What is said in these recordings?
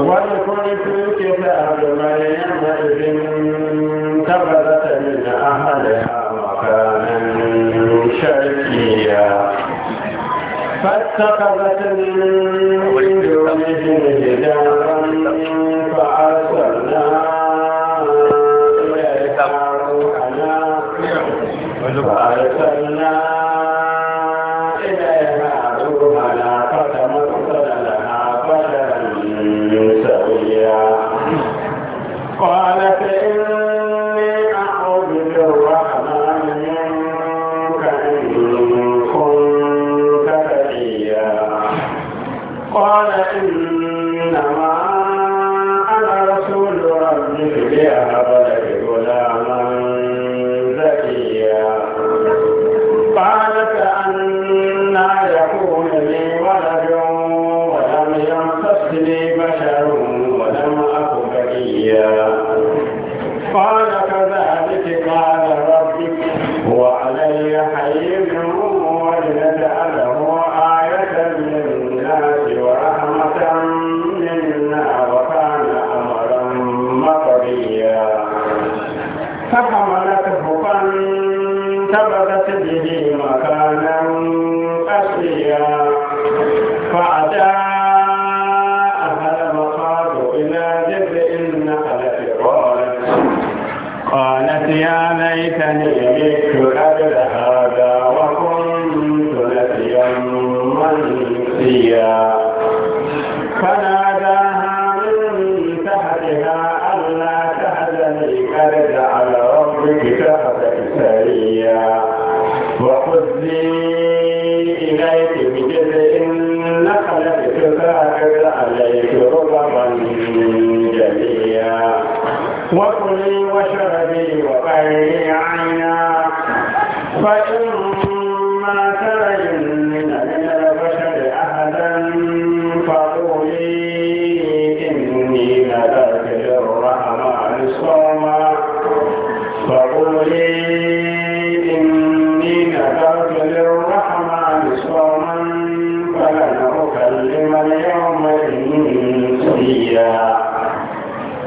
ولكل تلك فأعلم يومئذ كبرت من أهلها مكانا شرقيا فاتخذت من دونهم حجابا فأرسلنا إليها روحنا فأرسلنا قالت يا ليتني مت قبل هذا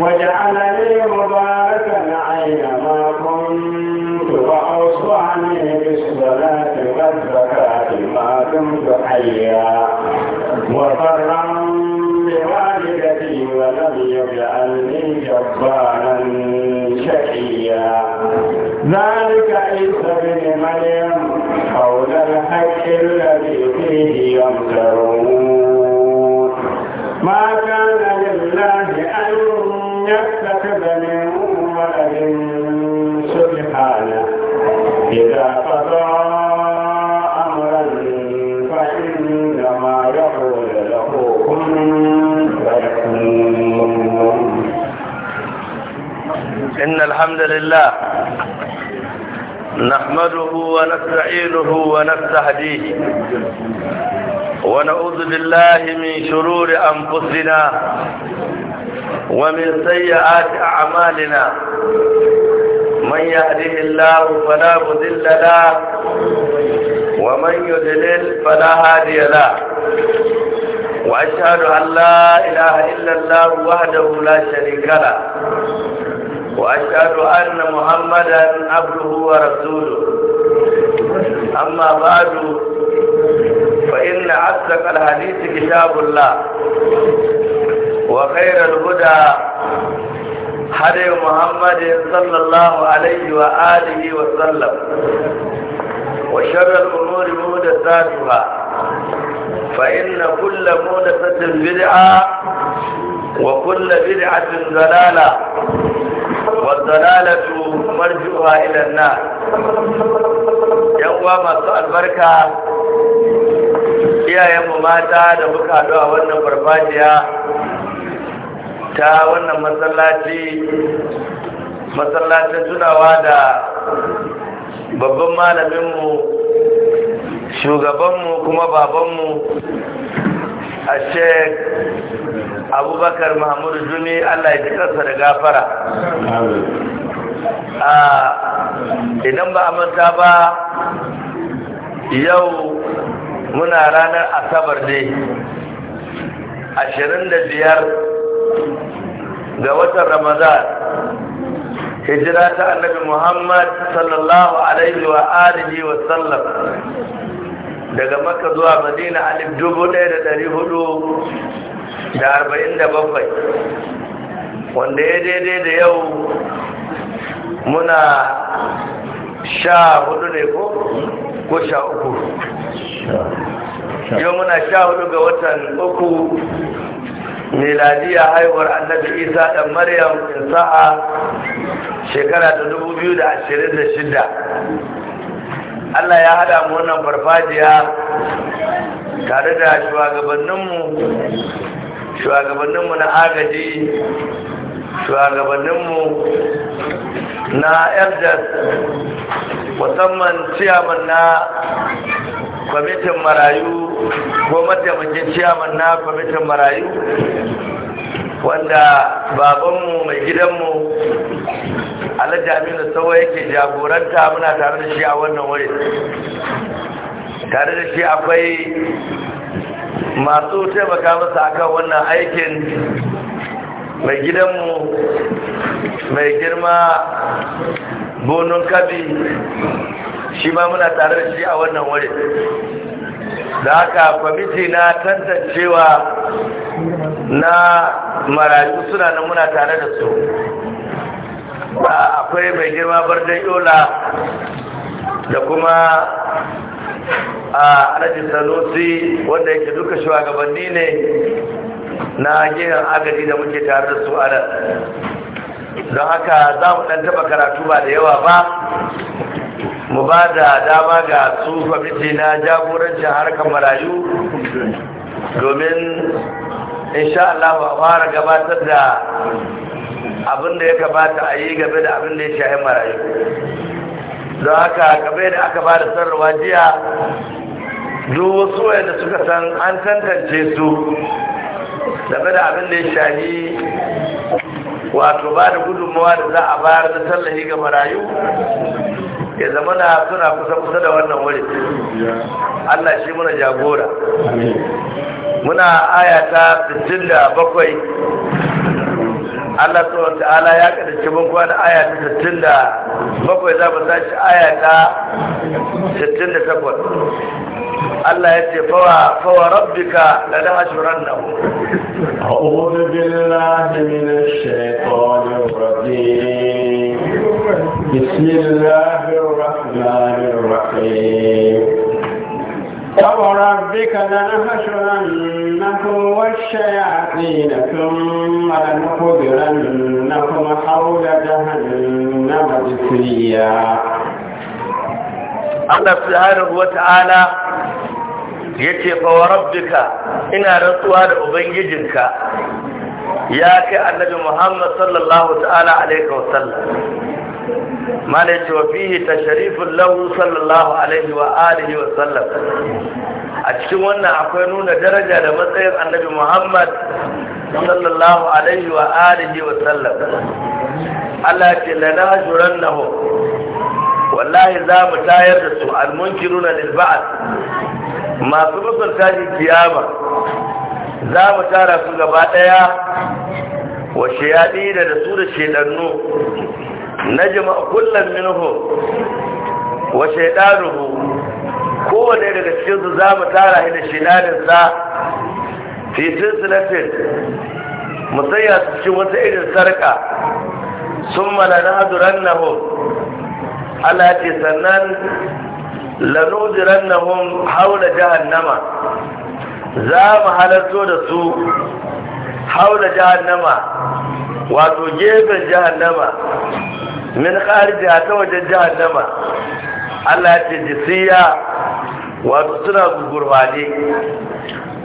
وجعلني مباركا أينما كنت وأوصاني بالصلاة والزكاة ما دمت حيا وبرا بوالدتي ولم يجعلني جبارا شقيا إن الحمد لله نحمده ونستعينه ونستهديه ونعوذ بالله من شرور أنفسنا ومن سيئات أعمالنا من يهده الله فلا مذل له ومن يذلل فلا هادي له وأشهد أن لا إله إلا الله وحده لا شريك له وأشهد أن محمدا عبده ورسوله أما بعد فإن أصدق الحديث كتاب الله وخير الهدى هدي محمد صلى الله عليه وآله وسلم وشر الأمور مودساتها فإن كل مودسة بدعة وكل بدعة ضلالة والضلالة مرجوها إلى النار يوم ما سؤال بركة iyayenmu mata da muka haɗu a wannan farfajiya ta wannan masallaci masallacin tunawa da babban malaminmu shugabanmu kuma babanmu a sheik abubakar mahmud jumi allah ya jikarsa da gafara ah, idan ba a manta ba yau muna ranar asabar ne ashirin da biyar ga watan ramadan hijira ta annabi muhammad sallallahu alaihi wa alihi wa sallam daga maka zuwa madina alif dubu ɗaya da ɗari hudu da arba'in da bakwai wanda ya daidai da yau muna sha hudu ne ko ko sha uku yau muna sha hudu ga watan uku miladiya haihuwar annabi isa dan maryam sa'a shekara ta dubu biyu da ashirin da shida. Allah ya hada mu wannan farfajiya tare da shugabanninmu shugabanninmu na agaji shugabanninmu na elders, musamman ciyaman na kwamitin marayu ko mataimakin ciyaman na kwamitin marayu wanda babanmu mai gidanmu alhaji aminu sawa yake jagoranta muna tare da shi a wannan wuri tare da shi akwai masu taimaka masa akan wannan aikin mai gidanmu mai girma gonon kabi shi ma muna tare da shi a wannan wuri da haka kwamiti na tantancewa na marayu suna nan muna tare da su akwai mai girma birnin yola da kuma a alhaji sanusi wanda yake duka shugabanni ne na gina agaji da muke tare da su a nan don haka za mu ɗan taba karatu ba da yawa ba mu ba da dama ga su kwamiti na jagorancin harkar marayu domin in insha Allah ba fara gabatar da abin da ya kamata a yi game da abin da ya shahi marayu don haka game da aka ba da sarrawa jiya duk wasu wayanda suka san an tantance su game da abin da ya shahi wato ba da gudunmawa da za a bayar da tallahi ga marayu ya zama na suna kusa-kusa da wannan wuri Allah shi muna jagora muna aya ta 67 Allah subhanahu ta'ala ya kadace mun kuwa da aya ta da bakwai za mu tashi aya ta da takwas. Allah ya ce fawa fawa rabbika la da nahshurannahu a'udhu billahi minash shaitanir rajim بسم الله الرحمن الرحيم فوربك لنحشرنكم والشياطين ثم لنخبرنكم حول جهنم جثيا Allah subhanahu wata'ala yace fa rabbika ina rantsuwa da ubangijinka ya kai annabi Muhammad sallallahu ta'ala alaihi malai ce wa fihi sharifin lahu sallallahu alaihi wa alihi wa sallam a cikin wannan akwai nuna daraja da matsayin annabi muhammad sallallahu alaihi wa alihi wa sallam Allah ce na na ho wallahi za mu tayar da su almunkiruna nuna ba'd masu musunta ji kiyama za mu tara su gaba daya wa shayadi da su da shedannu najma kullum minhu wa shaydanuhu kowane daga cikin su za mu tara shi da shinanin sa fi silsilatin mu su cikin wata irin sarka sun mala na haduran na hun Allah sannan lanudiran na hun haula jahannama za mu halarto da su haula jahannama wato gefen jahannama min kharija ta wajen jahannama Allah ya ce jisiya wato suna gurbane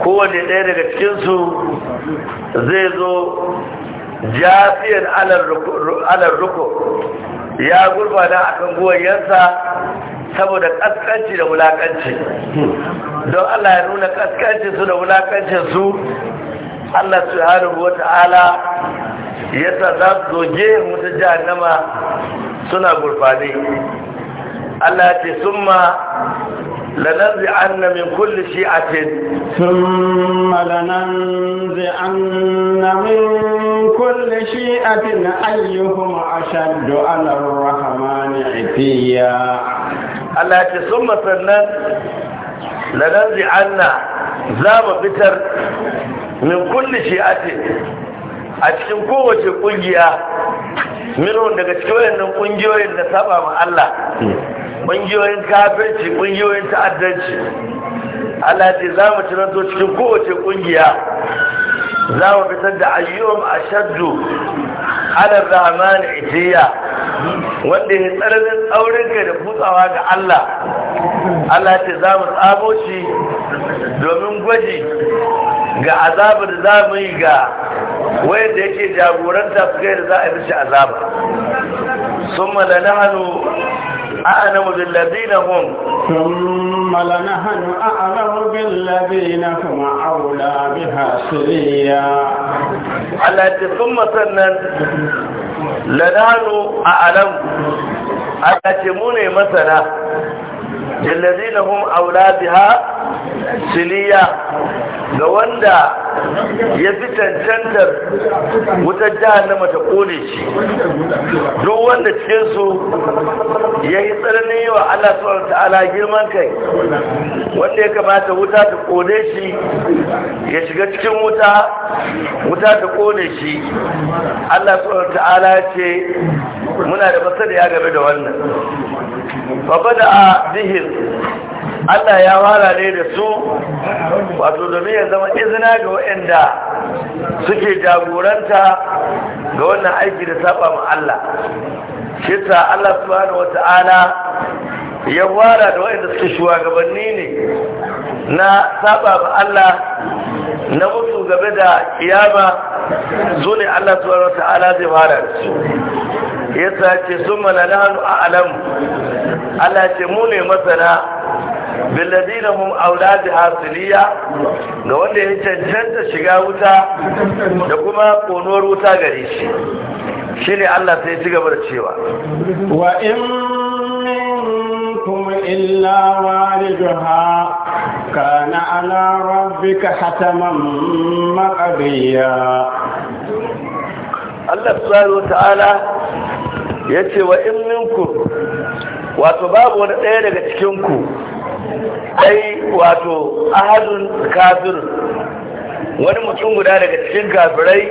kowane ɗaya daga cikinsu zai zo jafiyar alar ruko ya gurfana akan guwayensa saboda kaskanci da wulakanci don Allah ya nuna kaskanci su da wulakancin su Allah subhanahu ala. yasa za su zoge wuta jahannama suna gurfane Allah ya ce summa lananzi anna min kulli shi'atin summa lananzi anna min kulli shi'atin ayyuhum ashaddu ala ar-rahmani itiya Allah ya ce summa sannan lananzi anna za mu fitar min kulli shi'atin a cikin kowace kungiya minhum daga cikin wayannan kungiyoyin da saba ma Allah kungiyoyin kafirci kungiyoyin ta'addanci Allah ce za mu tunanto cikin kowace kungiya za mu fitar da ayyuwan ashaddu ala rahman itiya wanda ya tsananin tsaurin kai da kutsawa ga Allah Allah ce za mu tsamo shi domin gwaji ga azabar da za yi ga wai da yake jagoranta su gaira za a yi shi azaba sun mala na hannu a ana mabin labina hun sun mala na hannu a ana mabin labina kuma a wula bi hasiriya alati sun masannan ladanu a alam alati mu ne masana jalladina hun a wula bi ha ga wanda ya fi cancantar wutar jahannama ta kone shi duk wanda cikinsu ya yi tsananin yi wa Allah wata ta'ala girman kai wanda ya kamata wuta ta kone shi ya shiga cikin wuta wuta ta kone shi Allah wata ta'ala ce muna da ya game da wannan da a zihir Allah ya wara ne da su wato domin ya zama izina ga waɗanda suke jagoranta ga wannan aiki da saba ma Allah shi ta Allah subhanahu wata'ala ya fara da waɗanda suke shugabanni ne na saba ma Allah na mutu game da kiyama zo ne Allah subhanahu wata'ala zai fara da su yasa ce sun mana lahanu a alam. Allah ce mu ne masana mun aula da hasiliya da wanda ya cancanta shiga wuta da kuma konuwar wuta gare shi shi ne Allah sai ci gaba da cewa wa in minkum illa walidha kana ala rabbika hataman maqdiya Allah subhanahu ta'ala yace wa in minkum wato babu wani ɗaya daga cikin ku ai wato ahadun kafir wani mutum guda daga cikin kafirai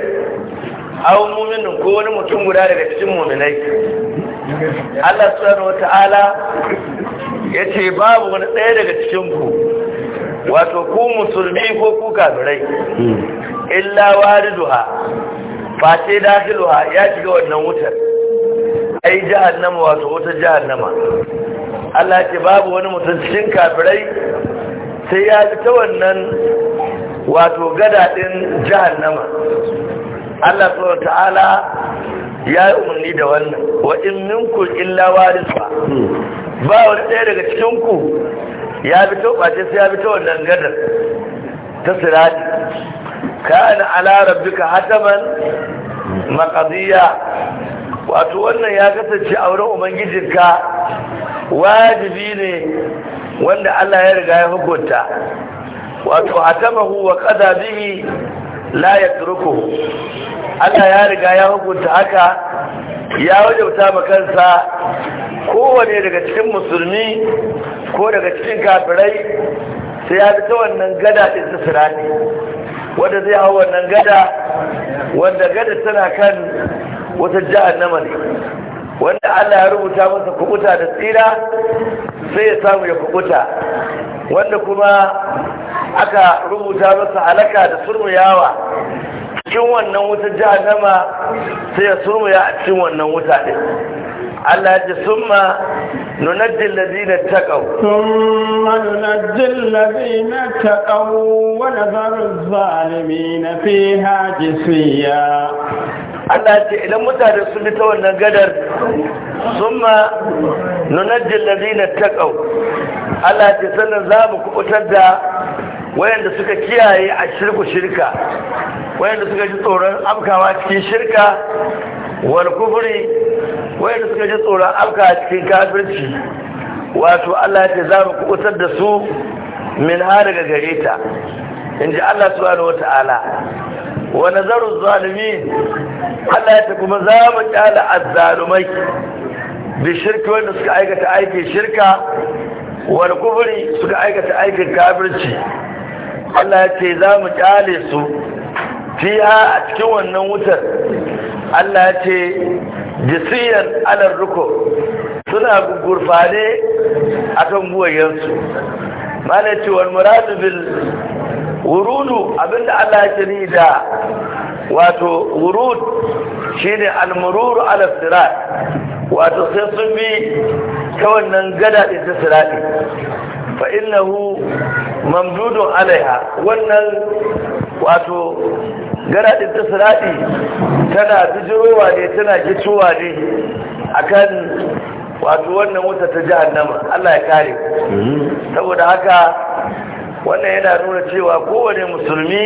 au muminin ko wani mutum guda daga cikin muminai Allah subhanahu wata'ala ya ce babu wani ɗaya daga cikin ku wato ku musulmi ko ku kafirai illa wariduha face dakiluha ya shiga wannan wutar ai jahannama wato wata jahannama Allah ce babu wani mutum cikin kafirai sai ya ji ta wannan wato gadaɗin jahannama Allah subhanahu ta'ala ya yi umarni da wannan wa in illa warisa ba wani ɗaya daga cikinku ya bi ta ɓace sai ya bi ta wannan gadar ta sirati kana ala rabbika hataman makaziya wato wannan ya kasance auren ubangijinka wajibi ne wanda Allah ya riga ya hukunta wato atamahu wa qada bihi la yatruku Allah ya riga ya hukunta haka ya wajabta ma kansa kowane daga cikin musulmi ko daga cikin kafirai sai ya bi ta wannan gada din ta sirani wanda zai hau wannan gada wanda gada tana kan wata jahannama ne wanda Allah ya rubuta masa kubuta da tsira sai ya samu ya kubuta wanda kuma aka rubuta masa alaka da surmuyawa cikin wannan wuta jahannama sai ya surmuya a cikin wannan wuta ɗin. Allah ya summa nunajji alladhina taqaw thumma nunajji alladhina taqaw wa nadharu adh-dhalimina fiha jisiya Allah ce idan mutane sun bi ta wannan gadar sun ma nunajjin lalina taƙau Allah ce sannan za mu kubutar da wayanda suka kiyaye a shirku shirka wayanda suka ji tsoron afkawa cikin shirka wal kufuri, wayanda suka ji tsoron afkawa cikin kafirci wato Allah ce za mu kubutar da su min har daga gare ta in ji Allah subhanahu wata'ala wa nazaru zalimin Allah ya ce kuma za mu kyala azzalumai bi shirki wanda suka aikata aikin shirka wa kufri suka aikata aikin kafirci Allah ya ce za mu kyale su fiha a cikin wannan wutar Allah ya ce jisiyar alar ruko suna gurfane akan buwayensu malai ce wal muradu bil wurudu abinda Allah ya ce da wato wurud shine al-murur ala sirat wato sai sun bi ta wannan gada din ta sirati fa innahu mamdudun alaiha wannan wato gada din ta sirati tana bijirowa ne tana gicowa ne akan wato wannan wuta ta jahannama Allah ya kare mm-hmm. saboda haka wannan yana nuna cewa kowane musulmi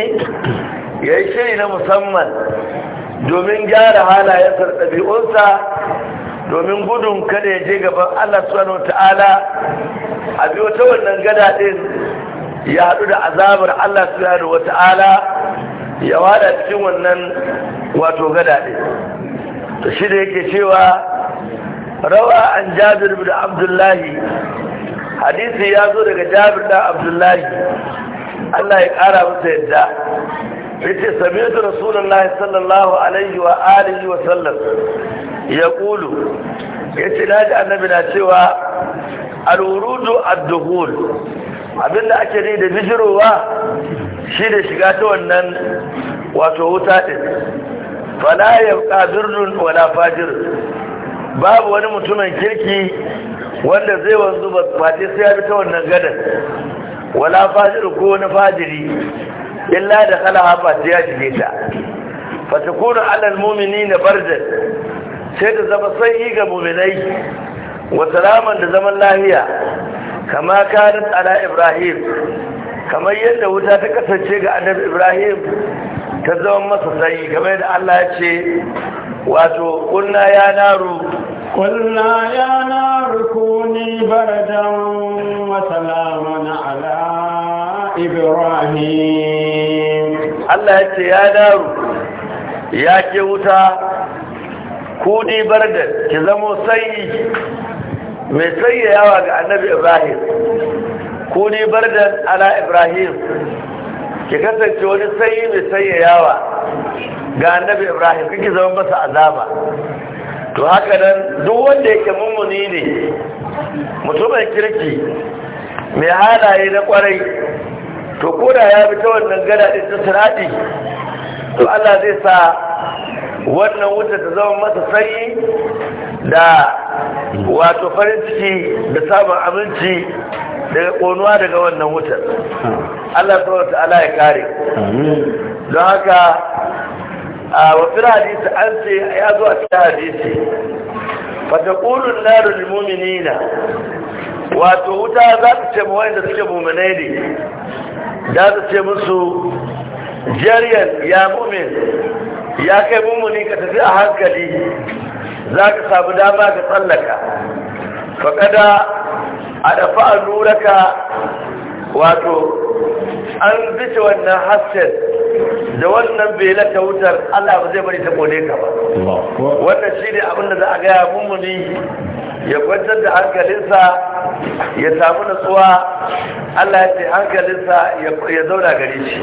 ya yi shiri na musamman domin gyara halayen da ɗabi'unsa domin gudun kada ya je gaban Allah subhanahu ta'ala a biyo ta wannan gada ɗin ya haɗu da azabar Allah subhanahu ta'ala ya wada cikin wannan wato gada ɗin shi da yake cewa rawa an jabir bin abdullahi hadisi ya zo daga jabir da abdullahi Allah ya kara masa yadda yace sami'tu rasulullahi sallallahu alaihi wa alihi wa sallam yaqulu yace naji annabi na cewa al-wurudu ad abinda ake ne da bijirowa shi da shiga ta wannan wato wuta din fala yabqa birrun wala fajir babu wani mutumin kirki wanda zai wanzu ba Fati sai ya bi ta wannan gadan wala fajir ko wani fajiri illa da kalaha Fati ya shige ta kuna alal mumini na bardan sai da zama sanyi ga muminai wa salaman da zaman lafiya kama kanat ala ibrahim kamar yadda wuta ta kasance ga annabi ibrahim ta zama masa sanyi game da Allah ya ce wato kunna ya naru kunna ya naru kuni baradan wa salaman ala ibrahim Allah ya ce ya naru ya ke wuta kuni baradan ki zamo sanyi mai yawa ga annabi ibrahim kuni baradan ala ibrahim ki kasance wani sanyi mai sanya yawa ga annabi ibrahim kike zama masa azaba to haka nan duk wanda yake mummuni ne mutumin kirki mai halaye na kwarai to koda ya bi ta wannan gada ɗin ta sirati to allah zai sa wannan wuta ta zama masa sanyi da wato farin ciki da samun aminci daga konuwa daga wannan wutar Allah wata ala ya kare don haka a wafin hadisi an ce ya zo a cikin hadisi fatakulun limomini na wato wuta za ta ce mawai da suke muminai ne za ta ce musu jariyar ya mumin ya kai mumuni ka tafi a hankali za ka sabu dama ka tsallaka faƙada a dafa alluraka wato an bice wannan hasken da wannan bela ta wutar Allah ba zai bari ta kone ka ba wannan shi ne abinda za a gaya mummuni ya kwantar da hankalinsa ya samu nutsuwa Allah ya ce hankalinsa ya zauna gari shi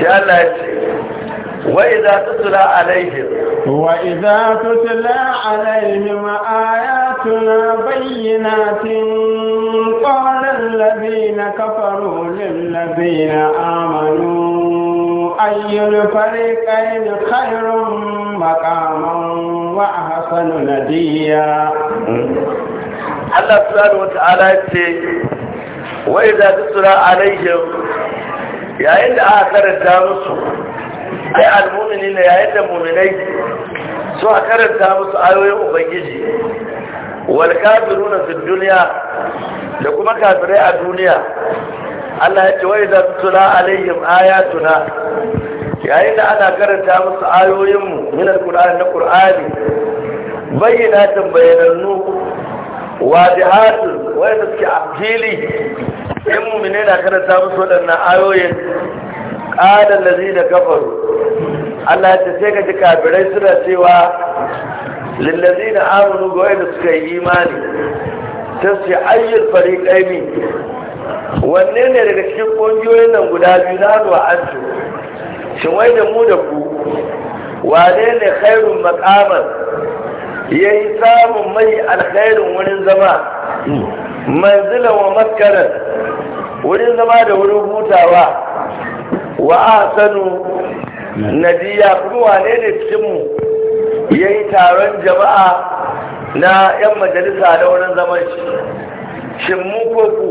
sai Allah ya ce وإذا تتلى عليهم وإذا تتلى عليهم آيات آتنا بينات قال الذين كفروا للذين آمنوا أي الفريقين خير مقاما وأحسن نديا الله سبحانه وتعالى وإذا تسرى عليهم يا إلا آخر karanta أي المؤمنين يا إلا yayin da mu'minai su آيوه karanta wal kafiruna fi dunya da kuma kafirai a duniya Allah ya ce wai da tula alaihim ayatuna yayin da ana karanta musu ayoyinmu min alqur'ani na qur'ani bayyinatin bayanannu wadihatun wanda suke a fili in mu'mine na karanta musu waɗannan ayoyin qala allazina kafaru Allah ya ce sai ka kafirai suna cewa lillazi na amonu ga da suka yi imani ta su ayyar fari ƙaimi wanne ne daga cikin ƙungiyoyin nan guda biyu na hannu a antu shin wai da mu da ku wane ne khairun makamar ya yi samun mai alkhairun wurin zama manzila wa maskarar wurin zama da wurin hutawa wa a ahsanu nadiya kuma wane ne cikinmu ya yi taron jama'a na 'yan majalisa da wurin zaman shi shin mu ko ku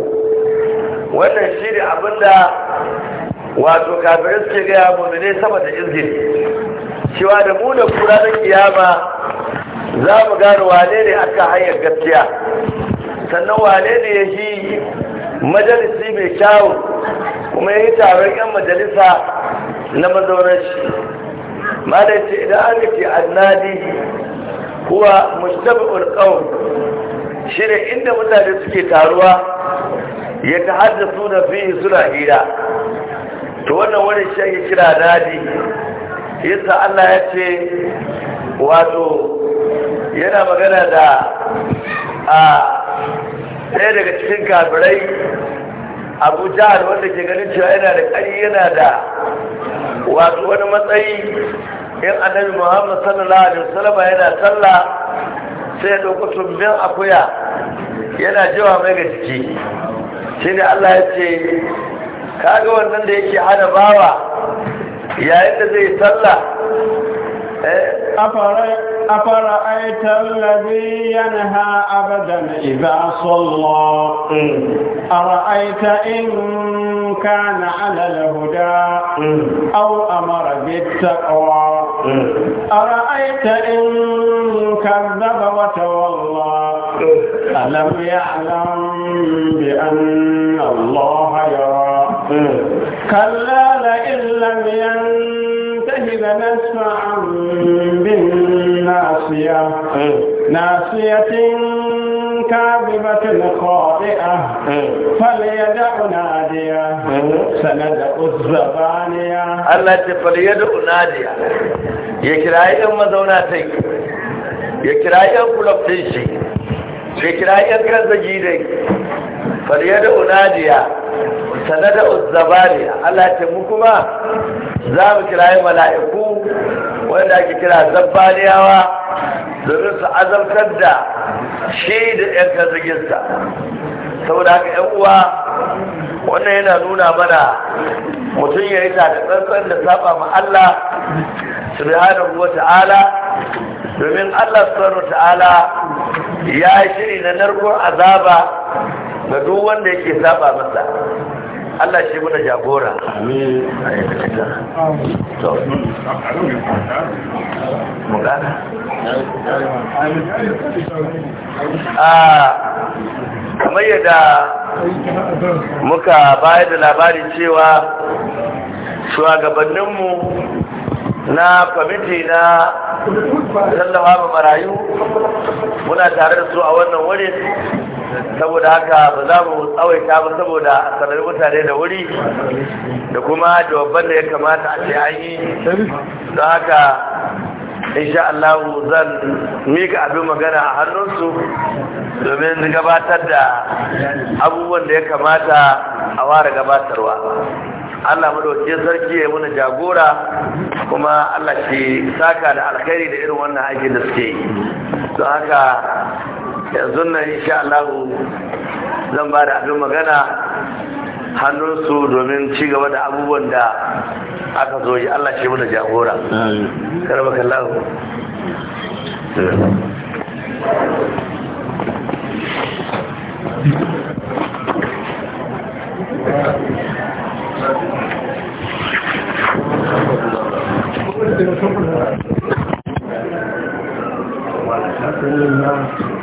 wannan shi ne abinda wato kafirai suke gaya mu ne sama da izini. cewa da mu da kura da kiyama za mu gano wane ne aka hanyar gaskiya sannan wane ne ya shi majalisi mai kyawu kuma ya yi taron 'yan majalisa na mazaunar shi malam ce idan aka ce annadi kuwa mustabi'ul qaum shine inda mutane suke taruwa ya tahaddasu suna fi suna hira to wannan wani shi ake kira nadi yasa Allah ya ce wato yana magana da a ɗaya daga cikin kafirai abu jihar wanda ke ganin cewa yana da ƙari yana da wato wani matsayi in annabi muhammad sallallahu alaihi wasallam yana sallah sai ya bin akuya yana jawa mai ga jiki shi allah ya ce kaga wannan da yake hana bawa yayin da zai sallah eh, أفرأيت الذي ينهى أبدا إذا صلى أرأيت إن كان على الهدى أو أمر بالتقوى أرأيت إن كذب وتولى ألم يعلم بأن الله يرى كلا لئن لم ينته لنسمعا بالنسبة عافية ناصية كاذبة خاطئة فليدع نادية سندع الزبانية التي فليدع نادية يكرا يوم مزوناتي يكرا يوم كلبتنشي يكرا يوم كنزجيري فليدع نادية سندع الزبانية التي مكما za mu kirayi mala'iku wanda ake kira zabbaniyawa domin su azabtar da shi da 'yan kazaginsa saboda haka 'yan uwa wannan yana nuna mana mutum ya yi ta da tsantsan da saba ma Allah hada wa ta'ala domin Allah su ta'ala ya shiri na narkon azaba ga duk wanda yake saba masa Allah shi muna jagora amin a kamar yadda muka bayar da labari cewa shugabanninmu na kwamiti na ba marayu muna tare da su a wannan wurin saboda haka ba za mu tsawaita ba saboda sanar mutane da wuri da kuma jawaban da ya kamata a ce an yi don haka insha Allah zan mika abin magana a hannunsu domin gabatar da abubuwan da ya kamata a ware gabatarwa Allah dauke sarki ya muna jagora kuma Allah shi saka da alkhairi da irin wannan aikin da suke yi don haka yanzu na insha Allah zan ba da abin magana hannunsu domin ci gaba da abubuwan da aka zo yi Allah shi mana jagora karba kallahu Thank you.